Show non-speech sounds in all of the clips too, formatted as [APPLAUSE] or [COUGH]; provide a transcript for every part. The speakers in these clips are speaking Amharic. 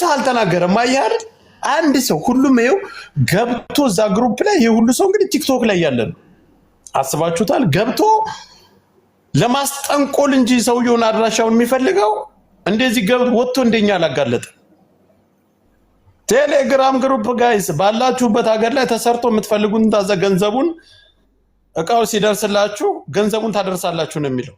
ሰው አልተናገረም። አየህ አንድ ሰው ሁሉም ይኸው ገብቶ እዛ ግሩፕ ላይ ይህ ሁሉ ሰው እንግዲህ ቲክቶክ ላይ ያለ ነው። አስባችሁታል? ገብቶ ለማስጠንቆል እንጂ ሰውየውን አድራሻውን የሚፈልገው እንደዚህ ገብ ወጥቶ እንደኛ አላጋለጠ። ቴሌግራም ግሩፕ ጋይስ ባላችሁበት ሀገር ላይ ተሰርቶ የምትፈልጉን ታዘ ገንዘቡን እቃው ሲደርስላችሁ ገንዘቡን ታደርሳላችሁ ነው የሚለው።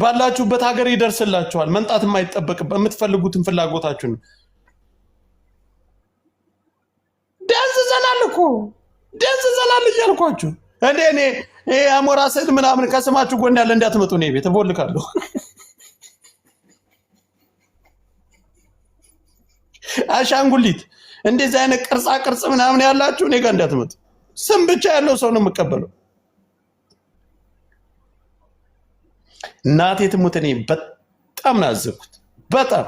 ባላችሁበት ሀገር ይደርስላችኋል። መምጣት የማይጠበቅበት የምትፈልጉትን ፍላጎታችሁን ደንዝዘናል እኮ ደንዝዘናል እያልኳችሁ እንዴ እኔ አሞራ ስዕል ምናምን ከስማችሁ ጎን ያለ እንዳትመጡ እኔ ቤት እቦልካለሁ። አሻንጉሊት እንደዚህ አይነት ቅርጻ ቅርጽ ምናምን ያላችሁ እኔ ጋር እንዳትመጡ። ስም ብቻ ያለው ሰው ነው የምቀበለው። እናቴ ትሙት እኔ በጣም ናዘብኩት። በጣም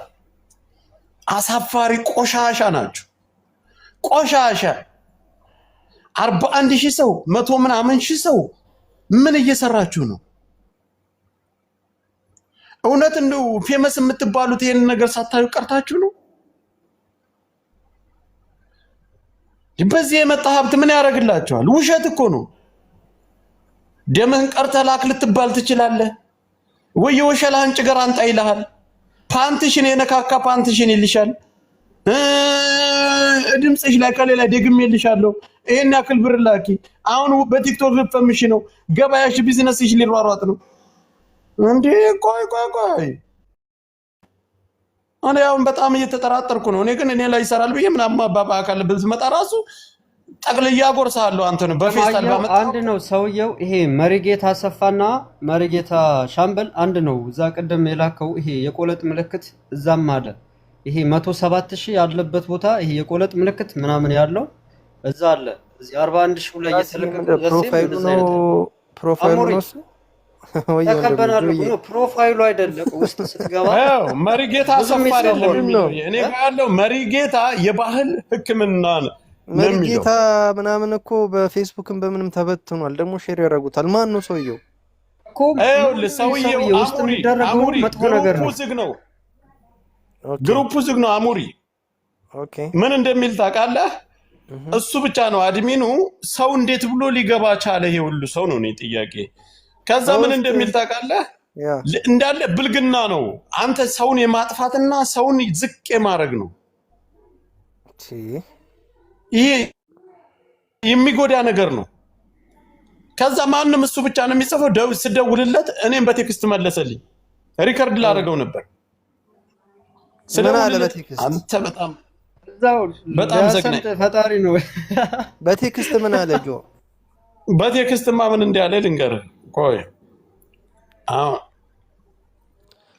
አሳፋሪ ቆሻሻ ናቸው። ቆሻሻ አርባ አንድ ሺህ ሰው መቶ ምናምን ሺህ ሰው ምን እየሰራችሁ ነው? እውነት እንደው ፌመስ የምትባሉት ይህን ነገር ሳታዩ ቀርታችሁ ነው? በዚህ የመጣ ሀብት ምን ያደርግላቸዋል? ውሸት እኮ ነው። ደምህን ቀርተህ ላክ ልትባል ትችላለህ። ወይ የወሸላህን ጭገር አንጣ ይልሃል። ፓንትሽን የነካካ ፓንትሽን ይልሻል። ድምፅሽ ላይ ከሌላ ደግም ይልሻለሁ። ይሄን ያክል ብር ላኪ። አሁን በቲክቶክ ልፈምሽ ነው። ገበያሽ፣ ቢዝነስሽ ሊሯሯጥ ነው። እንዴ ቆይ ቆይ ቆይ፣ እኔ አሁን በጣም እየተጠራጠርኩ ነው። እኔ ግን እኔ ላይ ይሰራል ብዬ ምናምን አባባ አካል ብልስ መጣ ራሱ ጠቅልያ አጎርሳለሁ አንተን በፌስታል ባመጣ አንድ ነው ሰውየው። ይሄ መሪጌታ አሰፋና መሪጌታ ሻምበል አንድ ነው። እዛ ቅድም የላከው ይሄ የቆለጥ ምልክት እዛም አለ። ይሄ መቶ ሰባት ሺህ ያለበት ቦታ ይሄ የቆለጥ ምልክት ምናምን ያለው እዛ አለ። እዚህ አርባ አንድ ሺህ ላይ የተለቀቀ ፕሮፋይል ነው። ፕሮፋይሉ ነው ተከበናል ፕሮፋይሉ አይደለም። ውስጥ ስትገባ መሪጌታ አሰፋ አይደለም። እኔ ጋር ያለው መሪጌታ የባህል ሕክምና ነው መሪጌታ ምናምን እኮ በፌስቡክም በምንም ተበትኗል። ደግሞ ሼር ያደረጉታል። ማን ነው ሰውየው? ሰውየው ዝግ ነው፣ ግሩፑ ዝግ ነው። አሙሪ ምን እንደሚል ታውቃለህ? እሱ ብቻ ነው አድሚኑ። ሰው እንዴት ብሎ ሊገባ ቻለ? ይሄ ሁሉ ሰው ነው እኔ ጥያቄ። ከዛ ምን እንደሚል ታውቃለህ? እንዳለ ብልግና ነው። አንተ ሰውን የማጥፋትና ሰውን ዝቅ የማድረግ ነው። ይሄ የሚጎዳ ነገር ነው። ከዛ ማንም እሱ ብቻ ነው የሚጽፈው። ስደውልለት እኔም በቴክስት መለሰልኝ። ሪከርድ ላደረገው ነበር አንተ በጣም በጣም ዘግናኝ ፈጣሪ ነው። [LAUGHS] በቴክስት ምን አለ ጆ? በቴክስትማ ምን ልንገርህ። ቆይ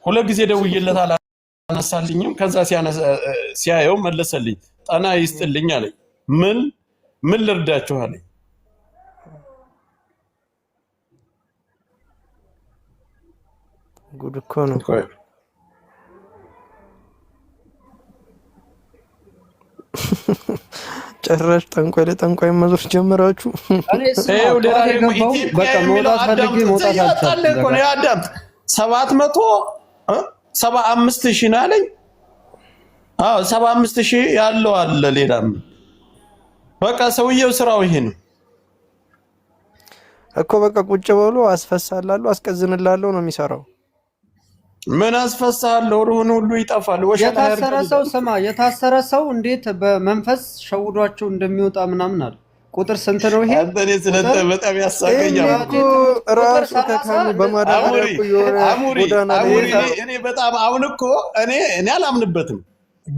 ሁለት ጊዜ ደውዬለት አላነሳልኝም። ከዛ ሲያየው መለሰልኝ፣ ጠና ይስጥልኝ አለኝ። ምን ምን ልርዳችሁ አለኝ። ጉድ እኮ ነው። ጨራሽ ጠንቋይ ለጠንቋይ መዞር ጀመራችሁ። አዳም ሰባት መቶ ሰባ አምስት ሺህ ነው አለኝ። ሰባ አምስት ሺህ ያለው አለ ሌላም በቃ ሰውየው ስራው ይሄ ነው እኮ። በቃ ቁጭ ብሎ አስፈሳላለሁ፣ አስቀዝንላለሁ ነው የሚሰራው። ምን አስፈሳለሁ? ሩህን ሁሉ ይጠፋል። የታሰረ ሰው ስማ፣ የታሰረ ሰው እንዴት በመንፈስ ሸውዷቸው እንደሚወጣ ምናምን አለ። ቁጥር ስንት ነው ይሄ? አንተኔ ስለተ በጣም ያሳቀኛል። ራሱ ተካኑ አሙሪ አሙሪ እኔ በጣም አሁን እኮ እኔ እኔ አላምንበትም፣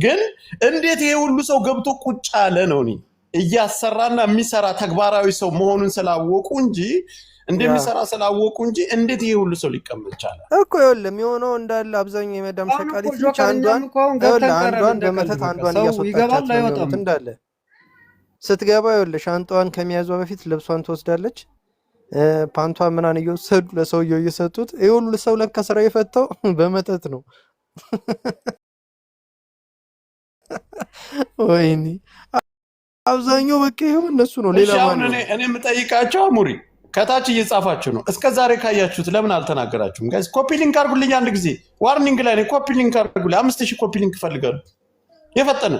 ግን እንዴት ይሄ ሁሉ ሰው ገብቶ ቁጭ አለ ነው እኔ እያሰራና የሚሰራ ተግባራዊ ሰው መሆኑን ስላወቁ እንጂ እንደሚሰራ ስላወቁ እንጂ እንዴት ይሄ ሁሉ ሰው ሊቀመጥ ይቻላል እኮ። ይኸውልህ የሆነው እንዳለ አብዛኛው የመዳም ሸቃሊቶች አንዷን በመተት አንዷን እያስወጣቻቸው እንዳለ ስትገባ ይኸውልህ ሻንጣዋን ከሚያዟ በፊት ልብሷን ትወስዳለች። ፓንቷ ምናን እየወሰዱ ለሰውየው እየሰጡት ይህ ሁሉ ሰው ለካ ስራ የፈተው [LAUGHS] በመተት ነው። [LAUGHS] ወይኔ አብዛኛው በቃ ይኸው እነሱ ነው። ሌላ እኔ የምጠይቃቸው አሙሪ ከታች እየጻፋችሁ ነው። እስከ ዛሬ ካያችሁት ለምን አልተናገራችሁም? ጋይስ ኮፒ ሊንክ አርጉልኝ። አንድ ጊዜ ዋርኒንግ ላይ ነው። ኮፒ ሊንክ አርጉልኝ። አምስት ሺህ ኮፒ ሊንክ ይፈልጋሉ። የፈጠነ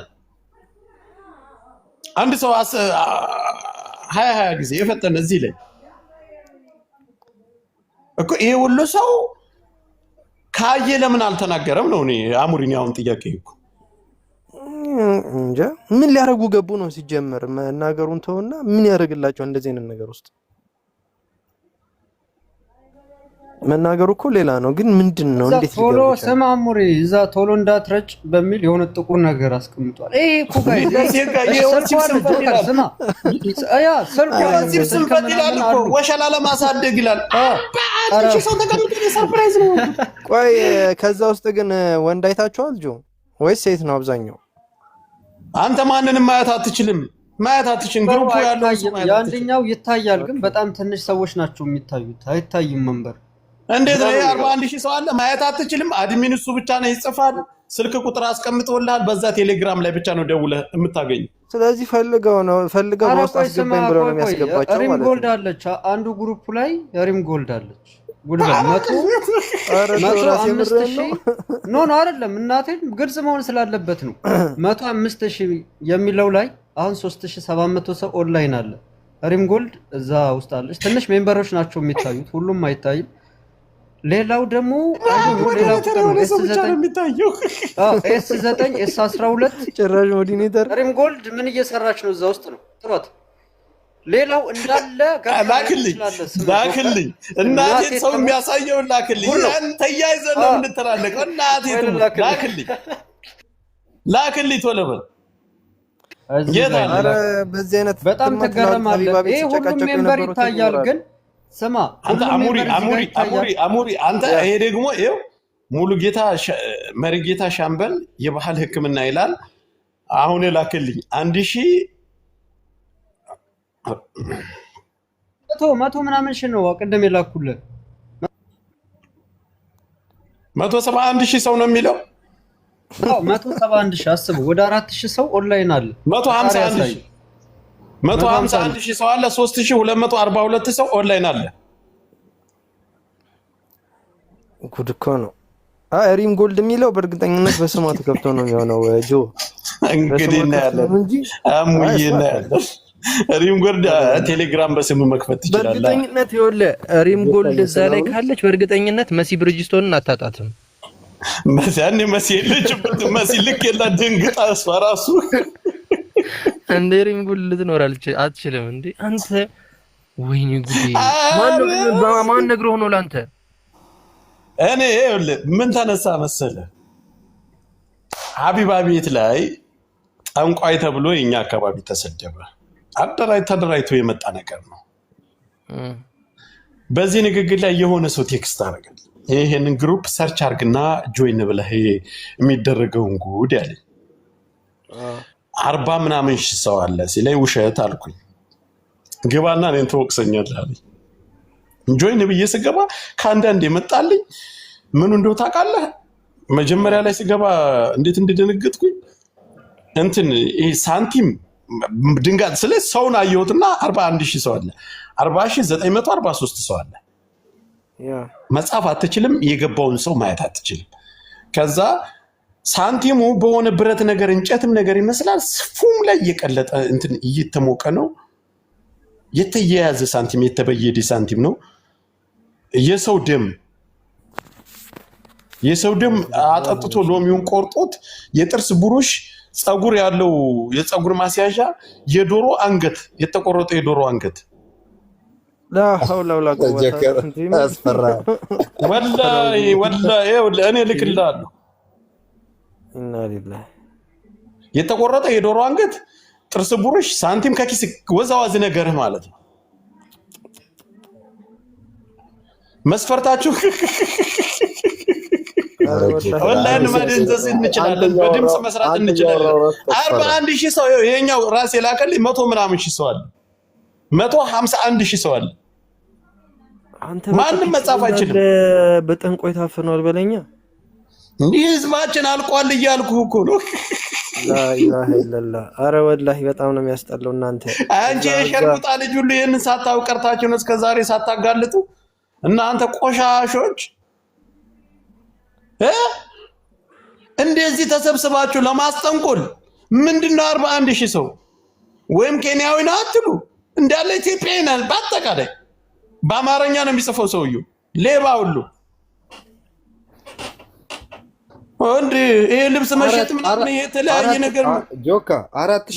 አንድ ሰው ሀያ ሀያ ጊዜ የፈጠነ እዚህ ላይ እኮ ይሄ ሁሉ ሰው ካየ ለምን አልተናገረም ነው። እኔ አሙሪን አሁን ጥያቄ እኮ እንጃ ምን ሊያደርጉ ገቡ ነው ሲጀመር። መናገሩን ተውና ምን ያደርግላቸዋል እንደዚህ አይነት ነገር ውስጥ መናገሩ እኮ ሌላ ነው፣ ግን ምንድን ነው እንዴት ቶሎ ስማ እዛ ቶሎ እንዳትረጭ በሚል የሆነ ጥቁር ነገር አስቀምጧል። ይሄ እኮ ጋር [LAUGHS] ይላል እኮ ወሸላ ለማሳደግ ይላል። ቆይ ከዛ ውስጥ ግን ወንድ አይታችኋል ጆ ወይስ ሴት ነው አብዛኛው? አንተ ማንንም ማየት አትችልም። ማየት አትችልም። ግሩፕ ያለው የአንደኛው ይታያል፣ ግን በጣም ትንሽ ሰዎች ናቸው የሚታዩት። አይታይም መንበር እንዴት ነው? አርባ አንድ ሺህ ሰው አለ ማየት አትችልም። አድሚን እሱ ብቻ ነው ይጽፋል። ስልክ ቁጥር አስቀምጦልሃል። በዛ ቴሌግራም ላይ ብቻ ነው ደውለ የምታገኝ። ስለዚህ ፈልገው ነው ፈልገው ነው አስገባኝ ብለው ነው የሚያስገባቸው ማለት ነው። ሪም ጎልድ አለች፣ አንዱ ግሩፕ ላይ ሪም ጎልድ አለች። ጉልበት ኖ ኖ አይደለም እናቴን ግልጽ መሆን ስላለበት ነው። መቶ አምስት ሺህ የሚለው ላይ አሁን ሶስት ሺህ ሰባት መቶ ሰው ኦንላይን አለ። ሪም ጎልድ እዛ ውስጥ አለች። ትንሽ ሜምበሮች ናቸው የሚታዩት፣ ሁሉም አይታይም። ሌላው ደግሞ ኤስ ዘጠኝ ኤስ አስራ ሁለት ጭራሽ ሞዲኔተር ሪም ጎልድ ምን እየሰራች ነው? እዛ ውስጥ ነው ጥሯት ሌላው እንዳለ ላክልኝ ላክልኝ እናቴ ሰው የሚያሳየው ላክልኝ። ያን ተያይዘ ነው የምንተላለቀው። እናቴ ላክልኝ ላክልኝ ቶሎ በል። በጣም ትገረማለህ። ይህ ሁሉም ሜምበር ይታያል። ግን ስማ አሙሪ አንተ ይሄ ደግሞ ይኸው ሙሉ ጌታ መሪ ጌታ ሻምበል የባህል ሕክምና ይላል። አሁን ላክልኝ አንድ ሺህ መቶ መቶ ምናምን ሺህ ነው ቅድም የላኩልህ። መቶ ሰባ አንድ ሺህ ሰው ነው የሚለው። መቶ ሰባ አንድ ሺህ አስቡ ወደ አራት ሺህ ሰው ኦንላይን አለ። መቶ ሀምሳ አንድ ሺህ መቶ ሀምሳ አንድ ሺህ ሰው አለ። ሶስት ሺህ ሁለት መቶ አርባ ሁለት ሰው ኦንላይን አለ። ጉድ እኮ ነው። ሪም ጎልድ የሚለው በእርግጠኝነት በስማ ተከፍቶ ነው የሚሆነው። ጆ እንግዲህ እናያለን እንጂ አሙዬ እናያለን። ሪም ጎልድ ቴሌግራም በስም መክፈት ትችላለህ። በእርግጠኝነት ይኸውልህ፣ ሪም ጎልድ እዛ ላይ ካለች በእርግጠኝነት መሲ ብርጅስቶንን አታጣትም። ያኔ መሲ የለችበት መሲ ልክ የላ ደንግጣ፣ እሷ ራሱ እንደ ሪም ጎልድ ልትኖር አትችልም። እንደ አንተ ወይኔ ጉዴ! ማን ነግሮ ሆኖ ለአንተ እኔ ይኸውልህ፣ ምን ተነሳ መሰለህ ሀቢባ ቤት ላይ ጠንቋይ ተብሎ የኛ አካባቢ ተሰደበ። አደራጅ ተደራጅቶ የመጣ ነገር ነው። በዚህ ንግግር ላይ የሆነ ሰው ቴክስት አደረገል። ይህንን ግሩፕ ሰርች አርግና ጆይን ብለህ የሚደረገውን ጉድ ያለኝ አርባ ምናምን ሺህ ሰው አለ ሲለኝ ውሸት አልኩኝ። ግባና እኔን ትወቅሰኛለህ አለኝ። ጆይን ብዬ ስገባ ከአንዳንድ የመጣልኝ ምኑ እንደው ታውቃለህ፣ መጀመሪያ ላይ ስገባ እንዴት እንደደነገጥኩኝ እንትን ሳንቲም ድንጋት ስለ ሰውን አየሁትና 41 ሺህ ሰው አለ፣ ሶስት ሰው አለ። መጽሐፍ አትችልም። የገባውን ሰው ማየት አትችልም። ከዛ ሳንቲሙ በሆነ ብረት ነገር እንጨትም ነገር ይመስላል። ስፉም ላይ እየቀለጠ እንትን እየተሞቀ ነው። የተያያዘ ሳንቲም የተበየደ ሳንቲም ነው። የሰው ደም የሰው ደም አጠጥቶ ሎሚውን ቆርጦት የጥርስ ብሩሽ ጸጉር ያለው የጸጉር ማስያዣ የዶሮ አንገት የተቆረጠ የዶሮ አንገት እኔ እልክልሃለሁ። የተቆረጠ የዶሮ አንገት ጥርስ ብሩሽ፣ ሳንቲም ከኪስ ወዛዋዝ ነገርህ ማለት ነው። መስፈርታችሁ ኦንላይን ማደንዘዝ እንችላለን፣ በድምፅ መስራት እንችላለን። አርባ አንድ ሺህ ሰው ይሄኛው ራስ የላከልኝ መቶ ምናምን ሺህ ሰው አለ፣ መቶ ሀምሳ አንድ ሺህ ሰው አለ። ማንም መጻፍ አይችልም። በጠንቆይ ታፍኗል በለኛ። ህዝባችን አልቋል እያልኩ እኮ ነው። ኢለላህ። አረ ወላሂ በጣም ነው የሚያስጠላው። እናንተ አንቺ የሸርሙጣ ልጅ ሁሉ ይህንን ሳታውቀርታችሁን እስከዛሬ ሳታጋልጡ እናንተ ቆሻሾች እንደዚህ ተሰብስባችሁ ለማስጠንቆል ምንድነው? አርባ አንድ ሺህ ሰው ወይም ኬንያዊ ነው አትሉ፣ እንዳለ ኢትዮጵያዊ ነው። በአጠቃላይ በአማርኛ ነው የሚጽፈው ሰውዩ ሌባ ሁሉ ወንድ። ይሄ ልብስ መሸጥ ምናምን የተለያየ ነገር ነው። ጆካ አራት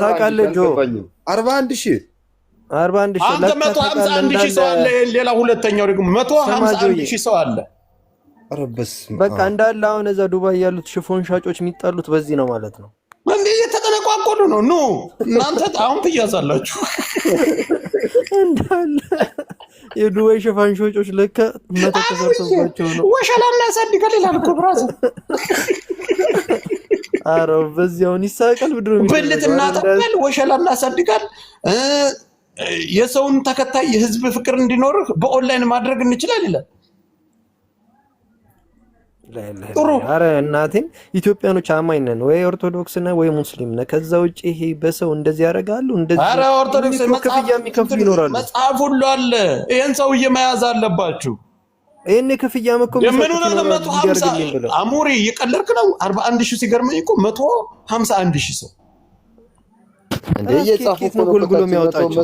ታውቃለህ ጆ አርባ አንድ ሺህ አርባ አንድ ሺህ አንተ መቶ ሀምሳ አንድ ሺህ ሰው አለ። ሌላ ሁለተኛው ደግሞ መቶ ሀምሳ አንድ ሺህ ሰው አለ። በቃ እንዳለ አሁን እዛ ዱባይ ያሉት ሽፎን ሻጮች በዚህ ነው ማለት ነው። እንዴ እየተቀነቋቆሉ ነው። እናንተ አሁን ትያዛላችሁ። እንዳለ የዱባይ ሽፋን ሻጮች ለከ ነው። ይላል እኮ አረ ብድሮ የሰውን ተከታይ የህዝብ ፍቅር እንዲኖርህ በኦንላይን ማድረግ እንችላል ይላል ጥሩ ኧረ እናቴን ኢትዮጵያኖች አማኝ ነን ወይ ኦርቶዶክስ ነ ወይ ሙስሊም ነ ከዛ ውጭ ይሄ በሰው እንደዚህ ያደርጋሉ እንደዚህ ኦርቶዶክስ ክፍያ የሚከፍሉ ይኖራሉ መጽሐፍ ሁሉ አለ ይህን ሰውዬ መያዝ አለባችሁ ይህን ክፍያ መኮ የምን ነው እየቀለድክ ነው አርባ አንድ ሺ ሲገርመኝ እኮ መቶ ሀምሳ አንድ ሺ ሰው እንደ እየጻፉ ነው ጎልጉሎ የሚያወጣቸው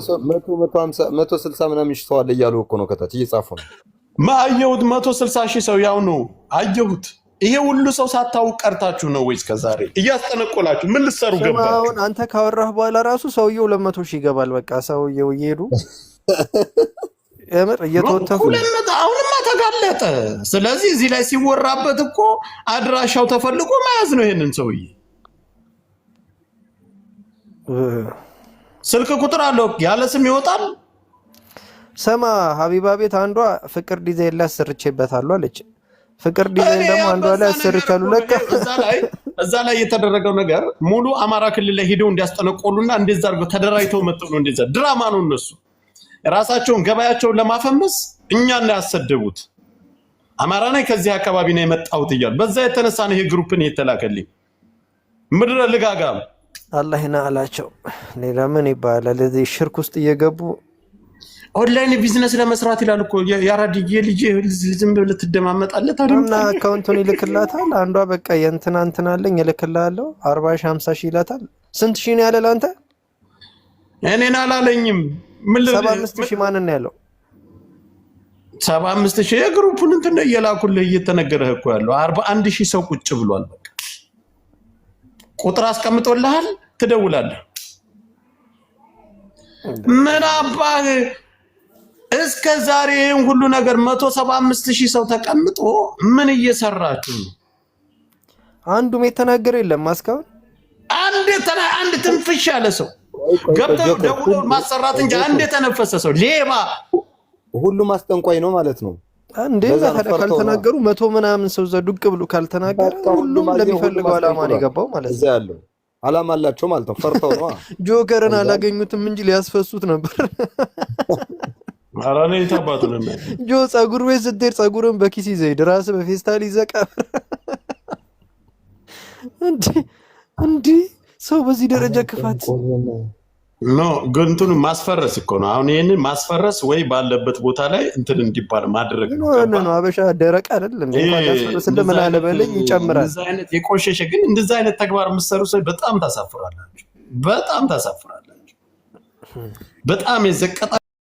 መቶ ስልሳ ምናምን ሽተዋል እያሉ እኮ ነው ከታች እየጻፉ ነው ማየሁት መቶ ስልሳ ሺህ ሰው ያው ነው አየሁት። ይሄ ሁሉ ሰው ሳታውቅ ቀርታችሁ ነው ወይስ ከዛሬ እያስጠነቆላችሁ ምን ልትሰሩ ገባሁን? አንተ ካወራህ በኋላ ራሱ ሰውየው ሁለት መቶ ሺህ ይገባል። በቃ ሰውየው እየሄዱ ምር እየተወተፉ አሁንማ ተጋለጠ። ስለዚህ እዚህ ላይ ሲወራበት እኮ አድራሻው ተፈልጎ መያዝ ነው ይሄንን ሰውዬ ስልክ ቁጥር አለው ያለ ስም ይወጣል። ሰማ ሀቢባ ቤት አንዷ ፍቅር ዲዛይን ላይ አሰርቼበታለሁ አለች። ፍቅር ዲዛይን ደግሞ አንዷ ላይ አሰርቻለሁ። ለካ እዛ ላይ የተደረገው ነገር ሙሉ አማራ ክልል ላይ ሄደው እንዲያስጠነቆሉና እንደዛ አድርገው ተደራጅተው መጥተው ነው። እንደዛ ድራማ ነው። እነሱ ራሳቸውን ገበያቸውን ለማፈመስ እኛን ላይ ያሰደቡት። አማራ ነኝ ከዚህ አካባቢ ነው የመጣሁት እያሉ በዛ የተነሳ ነው ይሄ ግሩፕን የተላከልኝ ምድረ ልጋጋም አላህና አላቸው። ሌላ ምን ይባላል? እዚህ ሽርክ ውስጥ እየገቡ ኦንላይን ቢዝነስ ለመስራት ይላል እኮ የአራድዬ ልጅ ዝም ብለህ ልትደማመጣለት እና አካውንቱን ይልክላታል። አንዷ በቃ የእንትና እንትና አለኝ ይልክላለሁ። አርባ ሺ ሀምሳ ሺ ይላታል። ስንት ሺ ነው ያለ ለአንተ? እኔን አላለኝም። ሰባ አምስት ሺህ ማንን ነው ያለው? ሰባ አምስት ሺ የግሩፑን እንትን እየላኩልህ እየተነገረህ እኮ ያለው አርባ አንድ ሺ ሰው ቁጭ ብሏል። በቃ ቁጥር አስቀምጦልሃል፣ ትደውላለህ። ምን አባህ እስከ ዛሬ ይህን ሁሉ ነገር መቶ ሰባ አምስት ሺህ ሰው ተቀምጦ ምን እየሰራችሁ ነው? አንዱም የተናገረ የለም። እስካሁን አንድ ተና አንድ ትንፍሽ ያለ ሰው ገብተው ደውሎ ማሰራት እንጂ አንድ የተነፈሰ ሰው ሌባ፣ ሁሉም አስጠንቋይ ነው ማለት ነው። አንዴ ካልተናገሩ መቶ ምናምን ሰው እዛ ዱቅ ብሎ ካልተናገረ ሁሉም ለሚፈልገው አላማ ነው የገባው ማለት ነው። እዛ ያለው አላማ አላቸው ማለት ነው። ፈርተው ነው። [LAUGHS] ጆከርን አላገኙትም እንጂ ሊያስፈሱት ነበር። [LAUGHS] አራኔ ነ ጆ ጸጉር ቤት ስትሄድ ጸጉርን በኪስ ይዘህ ሂድ። በፌስታል ይዘህ እንዲ እንዲህ ሰው በዚህ ደረጃ ክፋት ኖ ግንቱን ማስፈረስ እኮ ነው። አሁን ይህንን ማስፈረስ ወይ ባለበት ቦታ ላይ እንትን እንዲባል ማድረግ ነው። አበሻ ደረቅ አይደለም። ስለምናለ በለኝ ይጨምራል። የቆሸሸ ግን እንደዚ አይነት ተግባር የምትሰሩ ሰው በጣም ታሳፍራላችሁ፣ በጣም ታሳፍራላችሁ። በጣም የዘቀጣ